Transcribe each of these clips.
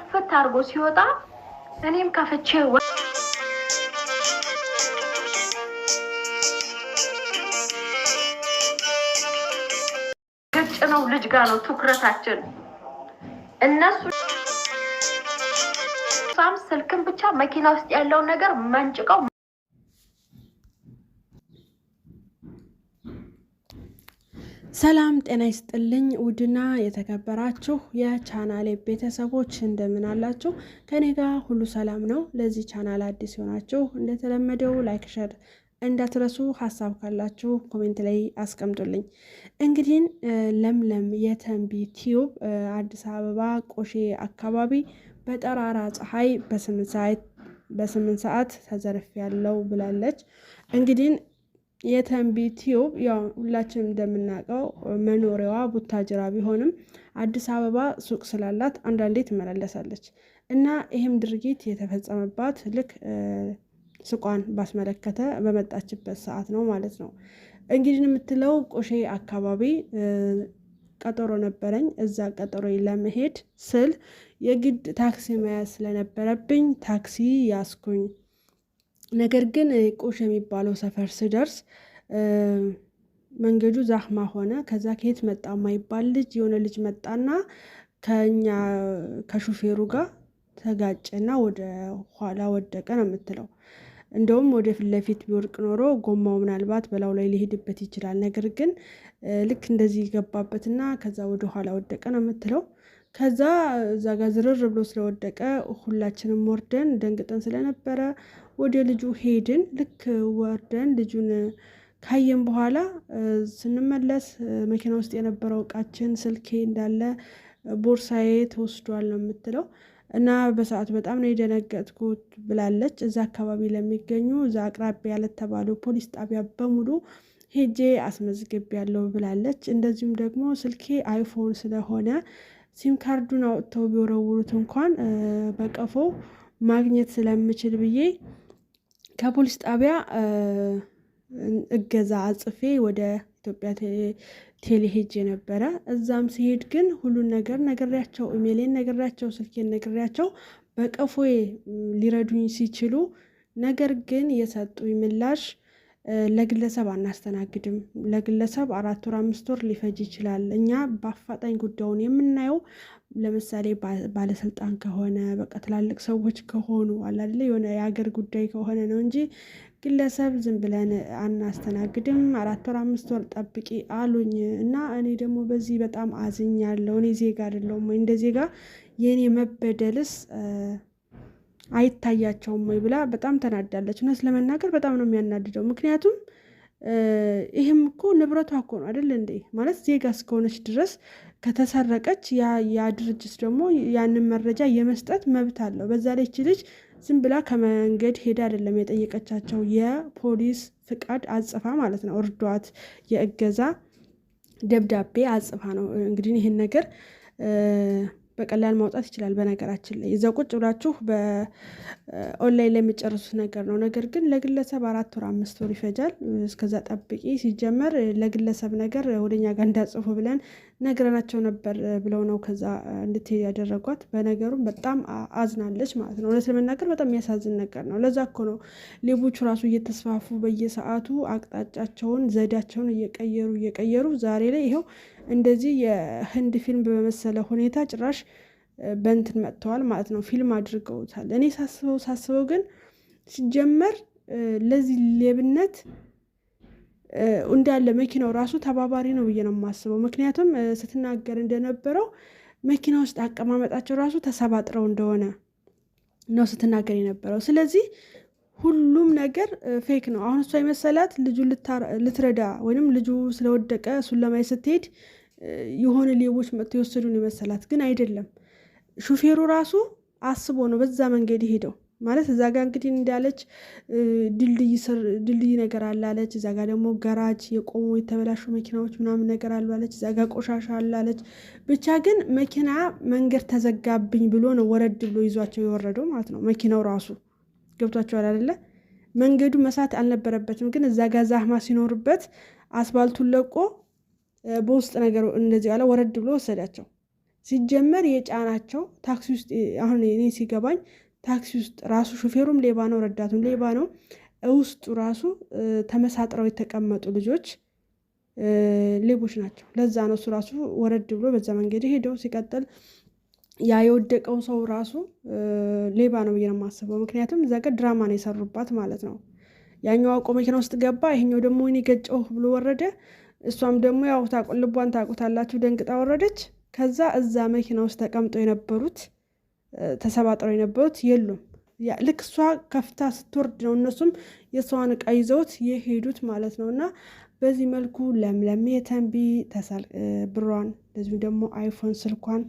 ክፍት አድርጎ ሲወጣ እኔም ከፍቼ ግጭ ነው። ልጅ ጋ ነው ትኩረታችን። እነሱ ሳም ስልክን ብቻ መኪና ውስጥ ያለውን ነገር መንጭቀው ሰላም ጤና ይስጥልኝ። ውድና የተከበራችሁ የቻናሌ ቤተሰቦች እንደምን አላችሁ? ከኔ ጋር ሁሉ ሰላም ነው። ለዚህ ቻናል አዲስ ሆናችሁ እንደተለመደው ላይክ፣ ሸር እንዳትረሱ። ሀሳብ ካላችሁ ኮሜንት ላይ አስቀምጡልኝ። እንግዲህ ለምለም የተንቢ ቲዩብ አዲስ አበባ ቆሼ አካባቢ በጠራራ ፀሐይ በስምንት ሰዓት ተዘርፍ ያለው ብላለች። እንግዲህ የተንቢ ቲዩብ ያው ሁላችንም እንደምናውቀው መኖሪያዋ ቡታጅራ ቢሆንም አዲስ አበባ ሱቅ ስላላት አንዳንዴ ትመላለሳለች እና ይህም ድርጊት የተፈጸመባት ልክ ሱቋን ባስመለከተ በመጣችበት ሰዓት ነው ማለት ነው። እንግዲህ የምትለው ቆሼ አካባቢ ቀጠሮ ነበረኝ። እዛ ቀጠሮ ለመሄድ ስል የግድ ታክሲ መያዝ ስለነበረብኝ ታክሲ ያስኩኝ። ነገር ግን ቁሽ የሚባለው ሰፈር ስደርስ መንገዱ ዛህማ ሆነ። ከዛ ከየት መጣ ማይባል ልጅ የሆነ ልጅ መጣና ከኛ ከሹፌሩ ጋር ተጋጨና ወደ ኋላ ወደቀ ነው የምትለው። እንደውም ወደ ፊት ለፊት ቢወርቅ ኖሮ ጎማው ምናልባት በላው ላይ ሊሄድበት ይችላል። ነገር ግን ልክ እንደዚህ ገባበትና ከዛ ወደ ኋላ ወደቀ ነው የምትለው። ከዛ እዛ ጋር ዝርር ብሎ ስለወደቀ ሁላችንም ወርደን ደንግጠን ስለነበረ ወደ ልጁ ሄድን። ልክ ወርደን ልጁን ካየን በኋላ ስንመለስ መኪና ውስጥ የነበረው እቃችን፣ ስልኬ እንዳለ ቦርሳዬ ተወስዷል ነው የምትለው እና በሰዓቱ በጣም ነው የደነገጥኩት ብላለች። እዛ አካባቢ ለሚገኙ እዛ አቅራቢያ ለተባሉ ፖሊስ ጣቢያ በሙሉ ሄጄ አስመዝግብ ያለው ብላለች። እንደዚሁም ደግሞ ስልኬ አይፎን ስለሆነ ሲም ካርዱን አውጥተው ቢወረውሩት እንኳን በቀፎ ማግኘት ስለምችል ብዬ ከፖሊስ ጣቢያ እገዛ አጽፌ ወደ ኢትዮጵያ ቴሌ ሄጄ ነበረ። እዛም ሲሄድ ግን ሁሉን ነገር ነግሬያቸው፣ ኢሜሌን ነግሬያቸው፣ ስልኬን ነግሬያቸው በቀፎዬ ሊረዱኝ ሲችሉ ነገር ግን የሰጡኝ ምላሽ ለግለሰብ አናስተናግድም። ለግለሰብ አራት ወር አምስት ወር ሊፈጅ ይችላል። እኛ በአፋጣኝ ጉዳዩን የምናየው ለምሳሌ ባለስልጣን ከሆነ በቃ ትላልቅ ሰዎች ከሆኑ አላለ የሆነ የሀገር ጉዳይ ከሆነ ነው እንጂ ግለሰብ ዝም ብለን አናስተናግድም። አራት ወር አምስት ወር ጠብቂ አሉኝ እና እኔ ደግሞ በዚህ በጣም አዝኛለሁ። እኔ ዜጋ አይደለሁም ወይ እንደ ዜጋ የእኔ መበደልስ አይታያቸውም ወይ ብላ በጣም ተናዳለች። እውነት ለመናገር በጣም ነው የሚያናድደው። ምክንያቱም ይህም እኮ ንብረቷ እኮ ነው አይደል እንዴ? ማለት ዜጋ እስከሆነች ድረስ ከተሰረቀች ያ ድርጅት ደግሞ ያንን መረጃ የመስጠት መብት አለው። በዛ ላይ ይቺ ልጅ ዝም ብላ ከመንገድ ሄዳ አይደለም የጠየቀቻቸው፣ የፖሊስ ፍቃድ አጽፋ ማለት ነው እርዷት፣ የእገዛ ደብዳቤ አጽፋ ነው እንግዲህ ይህን ነገር በቀላል ማውጣት ይችላል። በነገራችን ላይ እዛ ቁጭ ብላችሁ በኦንላይን ላይ የሚጨርሱት ነገር ነው። ነገር ግን ለግለሰብ አራት ወር አምስት ወር ይፈጃል። እስከዛ ጠብቂ። ሲጀመር ለግለሰብ ነገር ወደኛ ጋር እንዳጽፉ ብለን ነግረናቸው ነበር ብለው ነው ከዛ እንድትሄድ ያደረጓት። በነገሩም በጣም አዝናለች ማለት ነው። እውነት ለመናገር በጣም የሚያሳዝን ነገር ነው። ለዛ እኮ ነው ሌቦቹ ራሱ እየተስፋፉ በየሰዓቱ አቅጣጫቸውን፣ ዘዴያቸውን እየቀየሩ እየቀየሩ ዛሬ ላይ ይኸው እንደዚህ የህንድ ፊልም በመሰለ ሁኔታ ጭራሽ በንትን መጥተዋል ማለት ነው። ፊልም አድርገውታል። እኔ ሳስበው ሳስበው ግን ሲጀመር ለዚህ ሌብነት እንዳለ መኪናው ራሱ ተባባሪ ነው ብዬ ነው የማስበው። ምክንያቱም ስትናገር እንደነበረው መኪና ውስጥ አቀማመጣቸው ራሱ ተሰባጥረው እንደሆነ ነው ስትናገር የነበረው። ስለዚህ ሁሉም ነገር ፌክ ነው። አሁን እሷ የመሰላት ልጁ ልትረዳ ወይም ልጁ ስለወደቀ እሱን ለማየት ስትሄድ የሆነ ሌቦች መጥተው የወሰዱን የመሰላት ግን አይደለም። ሹፌሩ ራሱ አስቦ ነው በዛ መንገድ ሄደው ማለት እዛ ጋ እንግዲህ እንዳለች ድልድይ ነገር አላለች። እዛ ጋ ደግሞ ገራጅ የቆሙ የተበላሹ መኪናዎች ምናምን ነገር አሏለች። እዛ ጋ ቆሻሻ አላለች። ብቻ ግን መኪና መንገድ ተዘጋብኝ ብሎ ነው ወረድ ብሎ ይዟቸው የወረደው ማለት ነው። መኪናው ራሱ ገብቷቸዋል አይደለ? መንገዱ መሳት አልነበረበትም። ግን እዛ ጋ ዛህማ ሲኖርበት አስፋልቱን ለቆ በውስጥ ነገር እንደዚህ ያለ ወረድ ብሎ ወሰዳቸው። ሲጀመር የጫናቸው ታክሲ ውስጥ አሁን እኔ ሲገባኝ ታክሲ ውስጥ ራሱ ሹፌሩም ሌባ ነው፣ ረዳቱም ሌባ ነው። ውስጡ ራሱ ተመሳጥረው የተቀመጡ ልጆች ሌቦች ናቸው። ለዛ ነው እሱ ራሱ ወረድ ብሎ በዛ መንገድ ሄደው ሲቀጥል ያ የወደቀው ሰው ራሱ ሌባ ነው ብዬ ነው የማስበው። ምክንያቱም እዛ ጋር ድራማ ነው የሰሩባት ማለት ነው። ያኛው አውቆ መኪና ውስጥ ገባ፣ ይሄኛው ደግሞ እኔ ገጨው ብሎ ወረደ። እሷም ደግሞ ያው ልቧን ታውቁታላችሁ፣ ደንግጣ ወረደች። ከዛ እዛ መኪና ውስጥ ተቀምጠው የነበሩት ተሰባጥረው የነበሩት የሉም። ልክ እሷ ከፍታ ስትወርድ ነው እነሱም የእሷን እቃ ይዘውት የሄዱት ማለት ነው። እና በዚህ መልኩ ለምለም የተንቢ ብሯን እንደዚሁም ደግሞ አይፎን ስልኳን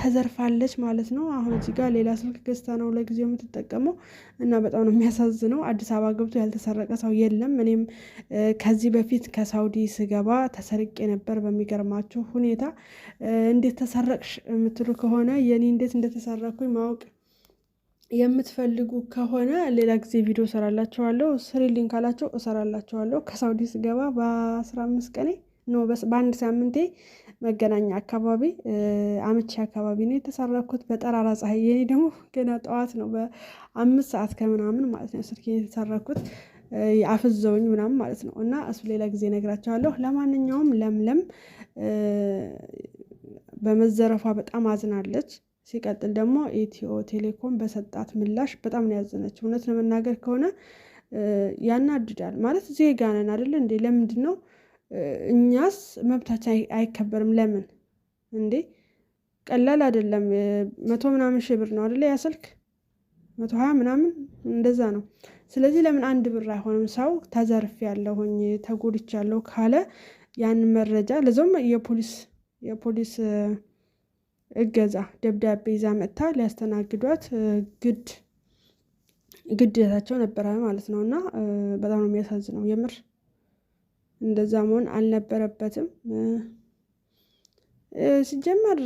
ተዘርፋለች ማለት ነው። አሁን እዚህ ጋር ሌላ ስልክ ገዝታ ነው ለጊዜው የምትጠቀመው እና በጣም ነው የሚያሳዝነው። አዲስ አበባ ገብቶ ያልተሰረቀ ሰው የለም። እኔም ከዚህ በፊት ከሳውዲ ስገባ ተሰርቄ ነበር። በሚገርማችሁ ሁኔታ እንዴት ተሰረቅሽ የምትሉ ከሆነ የኔ እንዴት እንደተሰረኩኝ ማወቅ የምትፈልጉ ከሆነ ሌላ ጊዜ ቪዲዮ እሰራላችኋለሁ። ስሪሊን ካላቸው እሰራላችኋለሁ። ከሳውዲ ስገባ በአስራ አምስት ቀኔ ኖ በአንድ ሳምንቴ መገናኛ አካባቢ አመቺ አካባቢ ነው የተሰራኩት በጠራራ ፀሐይ። የኔ ደግሞ ገና ጠዋት ነው በአምስት ሰዓት ከምናምን ማለት ነው ስልኬን የተሰረኩት አፍዘውኝ ምናምን ማለት ነው። እና እሱ ሌላ ጊዜ እነግራቸዋለሁ። ለማንኛውም ለምለም በመዘረፏ በጣም አዝናለች። ሲቀጥል ደግሞ ኢትዮ ቴሌኮም በሰጣት ምላሽ በጣም ነው ያዘነች። እውነት ለመናገር ከሆነ ያናድዳል ማለት ዜጋ ነን አይደለ እንዴ? ለምንድን ነው እኛስ መብታችን አይከበርም? ለምን እንዴ? ቀላል አይደለም። መቶ ምናምን ሺህ ብር ነው አደለ? ያ ስልክ መቶ ሀያ ምናምን እንደዛ ነው። ስለዚህ ለምን አንድ ብር አይሆንም? ሰው ተዘርፍ ያለሁኝ ተጎድች ያለው ካለ ያን መረጃ ለዞም የፖሊስ የፖሊስ እገዛ ደብዳቤ ይዛ መጥታ ሊያስተናግዷት ግድ ግዴታቸው ነበረ ማለት ነው። እና በጣም ነው የሚያሳዝነው የምር እንደዛ መሆን አልነበረበትም። ሲጀመር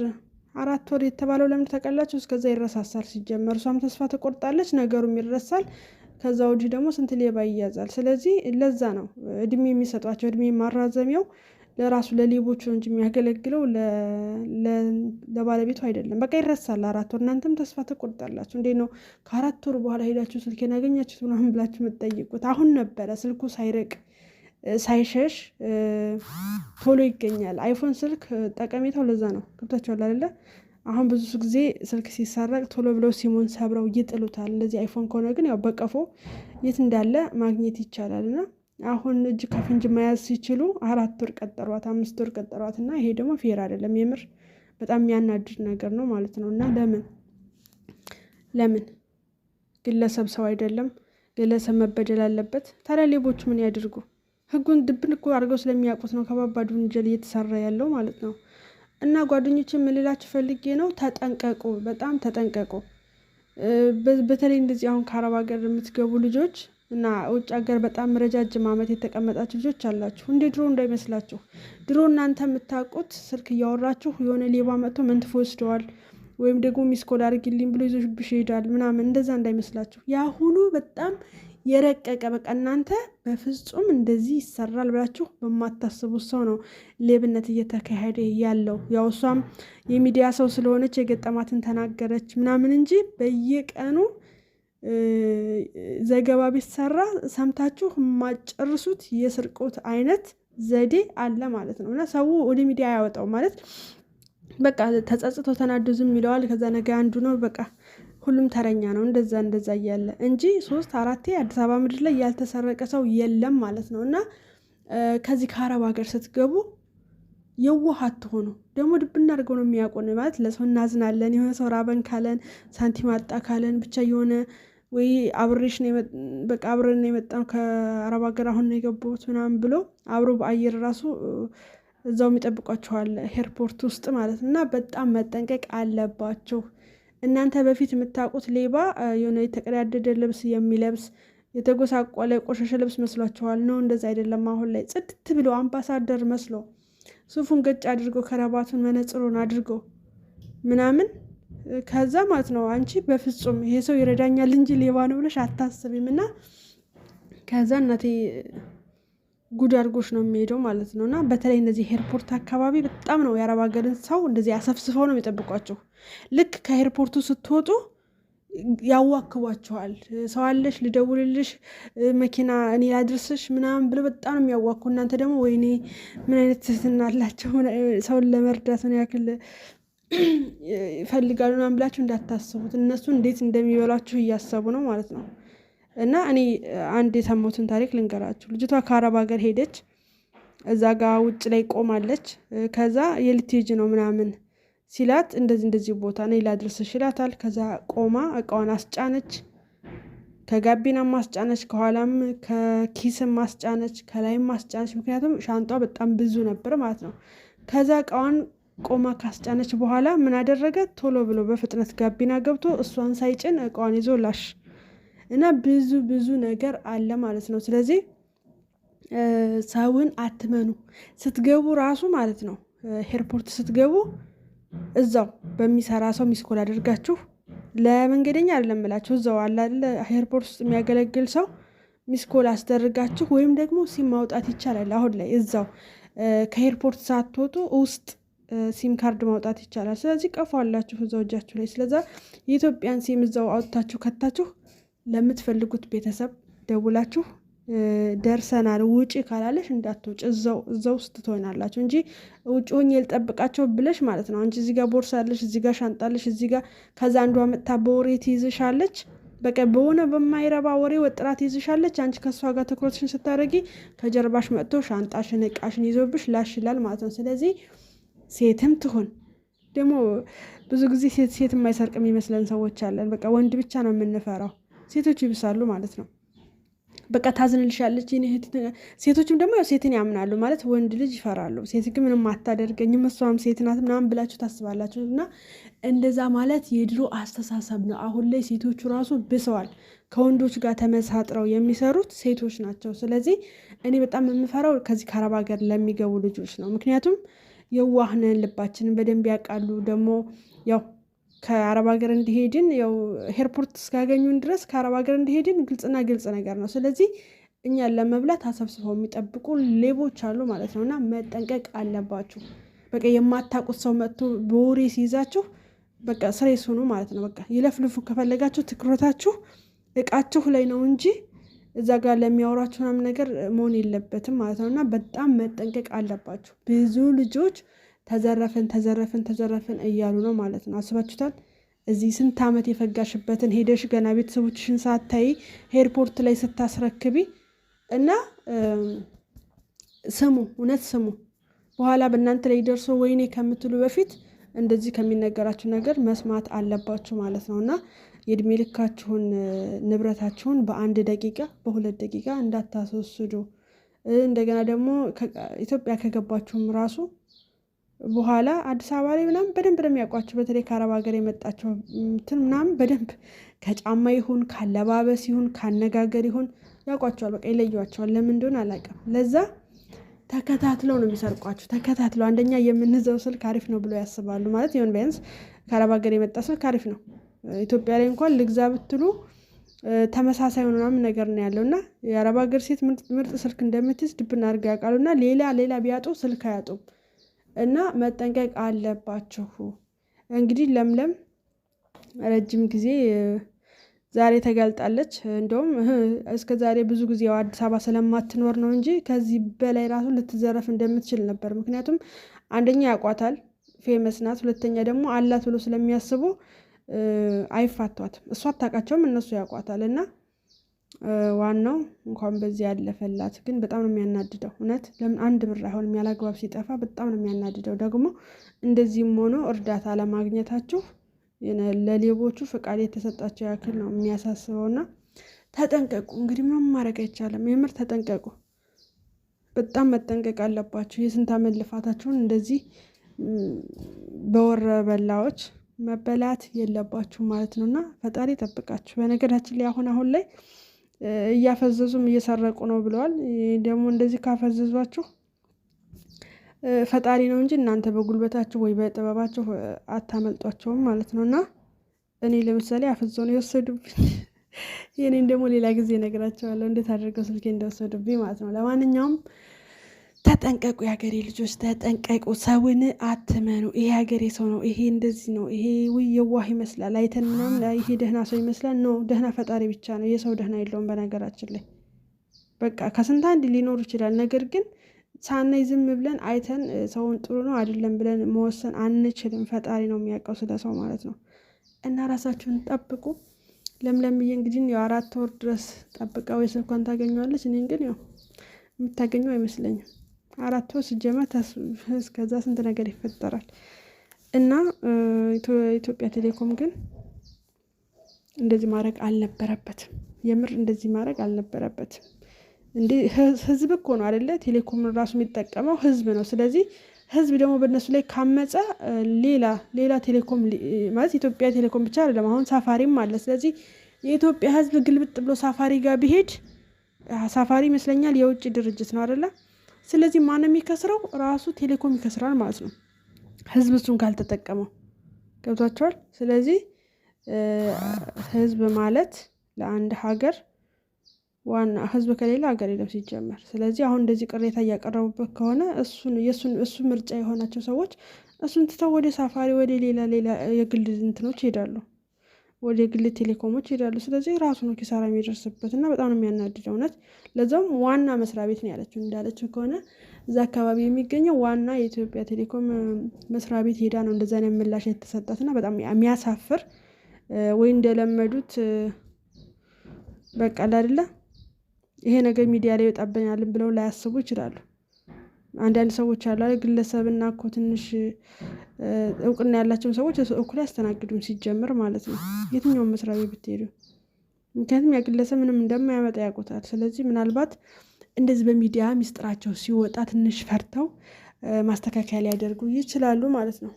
አራት ወር የተባለው ለምን ተቀላቸው? እስከዛ ይረሳሳል። ሲጀመር እሷም ተስፋ ትቆርጣለች፣ ነገሩም ይረሳል። ከዛ ወዲህ ደግሞ ስንት ሌባ ይያዛል። ስለዚህ ለዛ ነው እድሜ የሚሰጧቸው እድሜ ማራዘሚያው ለራሱ ለሌቦቹ እንጂ የሚያገለግለው ለባለቤቱ አይደለም። በቃ ይረሳል። አራት ወር እናንተም ተስፋ ትቆርጣላችሁ። እንዴት ነው ከአራት ወር በኋላ ሄዳችሁ ስልኬን ያገኛችሁት ምናምን ብላችሁ የምትጠይቁት? አሁን ነበረ ስልኩ ሳይርቅ ሳይሸሽ ቶሎ ይገኛል። አይፎን ስልክ ጠቀሜታው ለዛ ነው። ገብታችኋል አይደለ? አሁን ብዙ ጊዜ ስልክ ሲሰረቅ ቶሎ ብለው ሲሞን ሰብረው ይጥሉታል። እንደዚህ አይፎን ከሆነ ግን ያው በቀፎ የት እንዳለ ማግኘት ይቻላል። እና አሁን እጅ ከፍንጅ መያዝ ሲችሉ አራት ወር ቀጠሯት፣ አምስት ወር ቀጠሯት። እና ይሄ ደግሞ ፌር አይደለም። የምር በጣም የሚያናድድ ነገር ነው ማለት ነው። እና ለምን ለምን ግለሰብ ሰው አይደለም፣ ግለሰብ መበደል አለበት። ታዲያ ምን ያድርጉ? ህጉን ድብን እኮ አድርገው ስለሚያውቁት ነው ከባባድ ወንጀል እየተሰራ ያለው ማለት ነው። እና ጓደኞችን ምልላችሁ ፈልጌ ነው ተጠንቀቁ፣ በጣም ተጠንቀቁ። በተለይ እንደዚህ አሁን ከአረብ ሀገር የምትገቡ ልጆች እና ውጭ ሀገር በጣም ረጃጅም ዓመት የተቀመጣችሁ ልጆች አላችሁ። እንደ ድሮ እንዳይመስላችሁ። ድሮ እናንተ የምታውቁት ስልክ እያወራችሁ የሆነ ሌባ መጥቶ መንትፎ ወስደዋል ወይም ደግሞ ሚስኮል አድርጊልኝ ብሎ ይዞሽ ይሄዳል ምናምን፣ እንደዛ እንዳይመስላችሁ። የአሁኑ በጣም የረቀቀ በቃ እናንተ በፍጹም እንደዚህ ይሰራል ብላችሁ በማታስቡ ሰው ነው ሌብነት እየተካሄደ ያለው። ያው እሷም የሚዲያ ሰው ስለሆነች የገጠማትን ተናገረች ምናምን እንጂ በየቀኑ ዘገባ ቢሰራ ሰምታችሁ የማጨርሱት የስርቆት አይነት ዘዴ አለ ማለት ነው እና ሰው ወደ ሚዲያ ያወጣው ማለት በቃ ተጸጽቶ ተናዶ ዝም ይለዋል። ከዛ ነገ አንዱ ነው በቃ ሁሉም ተረኛ ነው እንደዛ እንደዛ እያለ እንጂ ሶስት አራቴ አዲስ አበባ ምድር ላይ ያልተሰረቀ ሰው የለም ማለት ነው። እና ከዚህ ከአረብ ሀገር ስትገቡ የዋህ አትሆኑ። ደግሞ ድብ እናድርገው ነው የሚያውቁን ማለት ለሰው እናዝናለን። የሆነ ሰው ራበን ካለን ሳንቲም አጣ ካለን ብቻ የሆነ ወይ አብሬሽ በቃ አብረን የመጣን ከአረብ ሀገር አሁን ነው የገቡት ምናምን ብሎ አብሮ በአየር ራሱ እዛው የሚጠብቋቸዋል ኤርፖርት ውስጥ ማለት እና በጣም መጠንቀቅ አለባቸው። እናንተ በፊት የምታውቁት ሌባ የሆነ የተቀዳደደ ልብስ የሚለብስ የተጎሳቆለ ቆሻሻ ልብስ መስሏችኋል ነው። እንደዚ አይደለም። አሁን ላይ ጽድት ብሎ አምባሳደር መስሎ ሱፉን ገጭ አድርጎ ከረባቱን መነጽሩን አድርጎ ምናምን ከዛ ማለት ነው አንቺ በፍጹም ይሄ ሰው ይረዳኛል እንጂ ሌባ ነው ብለሽ አታስቢም እና ከዛ እናቴ ጉድ አድርጎች ነው የሚሄደው ማለት ነው። እና በተለይ እነዚህ ኤርፖርት አካባቢ በጣም ነው የአረብ ሀገርን ሰው እንደዚህ አሰፍስፈው ነው የሚጠብቋቸው። ልክ ከኤርፖርቱ ስትወጡ ያዋክቧቸዋል። ሰው አለሽ፣ ልደውልልሽ፣ መኪና እኔ ላድርስሽ ምናምን ብለው በጣም ነው የሚያዋኩ። እናንተ ደግሞ ወይኔ ምን አይነት ትህትና አላቸው ሰውን ለመርዳት ምን ያክል ይፈልጋሉ ምናምን ብላችሁ እንዳታስቡት። እነሱ እንዴት እንደሚበሏችሁ እያሰቡ ነው ማለት ነው። እና እኔ አንድ የሰማሁትን ታሪክ ልንገራችሁ። ልጅቷ ከአረብ ሀገር ሄደች። እዛ ጋ ውጭ ላይ ቆማለች። ከዛ የልትሄጂ ነው ምናምን ሲላት እንደዚህ እንደዚህ ቦታ ነው ላድርስሽ ይላታል። ከዛ ቆማ እቃዋን አስጫነች። ከጋቢናም አስጫነች፣ ከኋላም ከኪስም አስጫነች፣ ከላይም ማስጫነች። ምክንያቱም ሻንጧ በጣም ብዙ ነበር ማለት ነው። ከዛ እቃዋን ቆማ ካስጫነች በኋላ ምን አደረገ? ቶሎ ብሎ በፍጥነት ጋቢና ገብቶ እሷን ሳይጭን እቃዋን ይዞ ላሽ እና ብዙ ብዙ ነገር አለ ማለት ነው። ስለዚህ ሰውን አትመኑ። ስትገቡ ራሱ ማለት ነው ኤርፖርት ስትገቡ እዛው በሚሰራ ሰው ሚስኮል አድርጋችሁ ለመንገደኛ አይደለም እላችሁ እዛው አለ አይደለ ኤርፖርት ውስጥ የሚያገለግል ሰው ሚስኮል አስደርጋችሁ ወይም ደግሞ ሲም ማውጣት ይቻላል። አሁን ላይ እዛው ከኤርፖርት ሳትወጡ ውስጥ ሲም ካርድ ማውጣት ይቻላል። ስለዚህ ቀፏ አላችሁ እዛው እጃችሁ ላይ ስለዛ የኢትዮጵያን ሲም እዛው አውጥታችሁ ከታችሁ ለምትፈልጉት ቤተሰብ ደውላችሁ ደርሰናል ውጪ ካላለሽ እንዳትውጭ እዛው ውስጥ ትሆናላችሁ እንጂ ውጭ ሆኜ ልጠብቃቸው ብለሽ ማለት ነው። አንቺ እዚጋ ጋር ቦርሳ አለሽ፣ እዚጋ ጋር ሻንጣ ከዛ አንዷ መጥታ በወሬ ትይዝሻለች። በቃ በሆነ በማይረባ ወሬ ወጥራት ይዝሻለች። አንቺ ከእሷ ጋር ትኩረትሽን ስታደረጊ ከጀርባሽ መጥቶ ሻንጣሽን እቃሽን ይዞብሽ ላሽ ይላል ማለት ነው። ስለዚህ ሴትም ትሆን ደግሞ ብዙ ጊዜ ሴት ሴት የማይሰርቅ የሚመስለን ሰዎች አለን። በቃ ወንድ ብቻ ነው የምንፈራው። ሴቶች ይብሳሉ ማለት ነው። በቃ ታዝንልሻለች ሴቶችም ደግሞ ሴትን ያምናሉ ማለት ወንድ ልጅ ይፈራሉ። ሴት ግን ምንም አታደርገኝም እሷም ሴት ናት ምናምን ብላችሁ ታስባላችሁ። እና እንደዛ ማለት የድሮ አስተሳሰብ ነው። አሁን ላይ ሴቶቹ ራሱ ብሰዋል። ከወንዶች ጋር ተመሳጥረው የሚሰሩት ሴቶች ናቸው። ስለዚህ እኔ በጣም የምፈራው ከዚህ ከአረብ ሀገር ለሚገቡ ልጆች ነው። ምክንያቱም የዋህነን ልባችንን በደንብ ያውቃሉ ደግሞ ያው ከአረብ ሀገር እንዲሄድን ያው ኤርፖርት እስካገኙን ድረስ ከአረብ ሀገር እንዲሄድን ግልጽና ግልጽ ነገር ነው። ስለዚህ እኛን ለመብላት አሰብስበው የሚጠብቁ ሌቦች አሉ ማለት ነው እና መጠንቀቅ አለባችሁ። በቃ የማታውቁት ሰው መጥቶ በወሬ ሲይዛችሁ በቃ ስሬስ ሆኑ ማለት ነው። በቃ ይለፍልፉ ከፈለጋችሁ ትኩረታችሁ እቃችሁ ላይ ነው እንጂ እዛ ጋር ለሚያወራችሁ ምናምን ነገር መሆን የለበትም ማለት ነው እና በጣም መጠንቀቅ አለባችሁ ብዙ ልጆች ተዘረፍን ተዘረፍን ተዘረፍን እያሉ ነው ማለት ነው። አስባችሁታል? እዚህ ስንት ዓመት የፈጋሽበትን ሄደሽ ገና ቤተሰቦችሽን ሳታይ ኤርፖርት ላይ ስታስረክቢ እና ስሙ፣ እውነት ስሙ። በኋላ በእናንተ ላይ ደርሶ ወይኔ ከምትሉ በፊት እንደዚህ ከሚነገራችሁ ነገር መስማት አለባችሁ ማለት ነው እና የእድሜ ልካችሁን ንብረታችሁን በአንድ ደቂቃ በሁለት ደቂቃ እንዳታስወስዱ። እንደገና ደግሞ ኢትዮጵያ ከገባችሁም ራሱ በኋላ አዲስ አበባ ላይ ምናምን በደንብ ነው የሚያውቋቸው። በተለይ ከአረብ ሀገር የመጣቸው እንትን ምናምን በደንብ ከጫማ ይሁን ካለባበስ ይሁን ካነጋገር ይሁን ያውቋቸዋል። በቃ ይለዩዋቸዋል። ለምን እንደሆነ አላውቅም። ለዛ ተከታትለው ነው የሚሰርቋቸው። ተከታትለው አንደኛ የምንዘው ስልክ አሪፍ ነው ብለው ያስባሉ። ማለት ይሁን ቢያንስ ከአረብ ሀገር የመጣ ስልክ አሪፍ ነው። ኢትዮጵያ ላይ እንኳን ልግዛ ብትሉ ተመሳሳይ ምናምን ነገር ነው ያለው እና የአረብ ሀገር ሴት ምርጥ ስልክ እንደምትይዝ ድብና አድርገው ያውቃሉ። እና ሌላ ሌላ ቢያጡ ስልክ አያጡም። እና መጠንቀቅ አለባችሁ። እንግዲህ ለምለም ረጅም ጊዜ ዛሬ ተገልጣለች። እንደውም እስከ ዛሬ ብዙ ጊዜ አዲስ አበባ ስለማትኖር ነው እንጂ ከዚህ በላይ ራሱ ልትዘረፍ እንደምትችል ነበር። ምክንያቱም አንደኛ ያውቋታል፣ ፌመስ ናት። ሁለተኛ ደግሞ አላት ብሎ ስለሚያስቡ አይፋቷትም። እሷ አታውቃቸውም፣ እነሱ ያውቋታል እና ዋናው እንኳን በዚህ ያለፈላት። ግን በጣም ነው የሚያናድደው እውነት። ለምን አንድ ብር አይሆንም ያላግባብ ሲጠፋ በጣም ነው የሚያናድደው። ደግሞ እንደዚህም ሆኖ እርዳታ ለማግኘታችሁ ለሌቦቹ ፈቃድ የተሰጣቸው ያክል ነው የሚያሳስበው እና ተጠንቀቁ። እንግዲህ ምንም ማድረግ አይቻልም። የምር ተጠንቀቁ። በጣም መጠንቀቅ አለባችሁ። የስንት ዓመት ልፋታችሁን እንደዚህ በላዎች መበላት የለባችሁ ማለት ነው እና ፈጣሪ ጠብቃችሁ። በነገራችን ላይ አሁን አሁን ላይ እያፈዘዙም እየሰረቁ ነው ብለዋል። ደግሞ እንደዚህ ካፈዘዟችሁ ፈጣሪ ነው እንጂ እናንተ በጉልበታችሁ ወይ በጥበባችሁ አታመልጧቸውም ማለት ነው። እና እኔ ለምሳሌ አፍዘው ነው የወሰዱብኝ። የእኔን ደግሞ ሌላ ጊዜ ነግራቸዋለሁ እንዴት አድርገው ስልኬ እንደወሰዱብኝ ማለት ነው። ለማንኛውም ተጠንቀቁ፣ የሀገሬ ልጆች ተጠንቀቁ። ሰውን አትመኑ። ይሄ ሀገሬ ሰው ነው፣ ይሄ እንደዚህ ነው፣ ይሄ ውይ የዋህ ይመስላል አይተን ምናምን፣ ይሄ ደህና ሰው ይመስላል። ኖ ደህና ፈጣሪ ብቻ ነው፣ የሰው ደህና የለውም። በነገራችን ላይ በቃ ከስንት አንድ ሊኖር ይችላል። ነገር ግን ሳናይ ዝም ብለን አይተን ሰውን ጥሩ ነው አይደለም ብለን መወሰን አንችልም። ፈጣሪ ነው የሚያውቀው ስለ ሰው ማለት ነው። እና ራሳችሁን ጠብቁ። ለምለምዬ እንግዲህ አራት ወር ድረስ ጠብቀው የስልኳን ታገኘዋለች። እኔን ግን ያው የምታገኘው አይመስለኝም። አራት ወር ሲጀመር እስከዛ ስንት ነገር ይፈጠራል እና ኢትዮጵያ ቴሌኮም ግን እንደዚህ ማድረግ አልነበረበትም። የምር እንደዚህ ማድረግ አልነበረበትም። እንዴ ህዝብ እኮ ነው አደለ? ቴሌኮምን ራሱ የሚጠቀመው ህዝብ ነው። ስለዚህ ህዝብ ደግሞ በእነሱ ላይ ካመፀ ሌላ ሌላ ቴሌኮም ማለት ኢትዮጵያ ቴሌኮም ብቻ አይደለም፣ አሁን ሳፋሪም አለ። ስለዚህ የኢትዮጵያ ህዝብ ግልብጥ ብሎ ሳፋሪ ጋር ቢሄድ ሳፋሪ ይመስለኛል የውጭ ድርጅት ነው አደለ? ስለዚህ ማነው የሚከስረው? ራሱ ቴሌኮም ይከስራል ማለት ነው፣ ህዝብ እሱን ካልተጠቀመው። ገብቷቸዋል። ስለዚህ ህዝብ ማለት ለአንድ ሀገር ዋና ህዝብ ከሌለ ሀገር የለም ሲጀመር። ስለዚህ አሁን እንደዚህ ቅሬታ እያቀረቡበት ከሆነ እሱ ምርጫ የሆናቸው ሰዎች እሱን ትተው ወደ ሳፋሪ ወደ ሌላ ሌላ የግል እንትኖች ይሄዳሉ። ወደ ግል ቴሌኮሞች ይሄዳሉ። ስለዚህ ራሱ ነው ኪሳራ የሚደርስበት እና በጣም ነው የሚያናድድ እውነት። ለዛውም ዋና መስሪያ ቤት ነው ያለችው። እንዳለችው ከሆነ እዛ አካባቢ የሚገኘው ዋና የኢትዮጵያ ቴሌኮም መስሪያ ቤት ሄዳ ነው እንደዛ አይነት ምላሽ የተሰጣት እና በጣም የሚያሳፍር ወይ እንደለመዱት በቃል አይደለ ይሄ ነገር ሚዲያ ላይ ይወጣብናልን ብለው ላያስቡ ይችላሉ። አንዳንድ ሰዎች አሉ ግለሰብና እኮ ትንሽ እውቅና ያላቸውን ሰዎች እኩል አያስተናግዱም ሲጀምር ማለት ነው፣ የትኛውን መስሪያ ቤት ብትሄዱ። ምክንያቱም ያ ግለሰብ ምንም እንደማያመጣ ያውቁታል። ስለዚህ ምናልባት እንደዚህ በሚዲያ ሚስጥራቸው ሲወጣ ትንሽ ፈርተው ማስተካከያ ሊያደርጉ ይችላሉ ማለት ነው።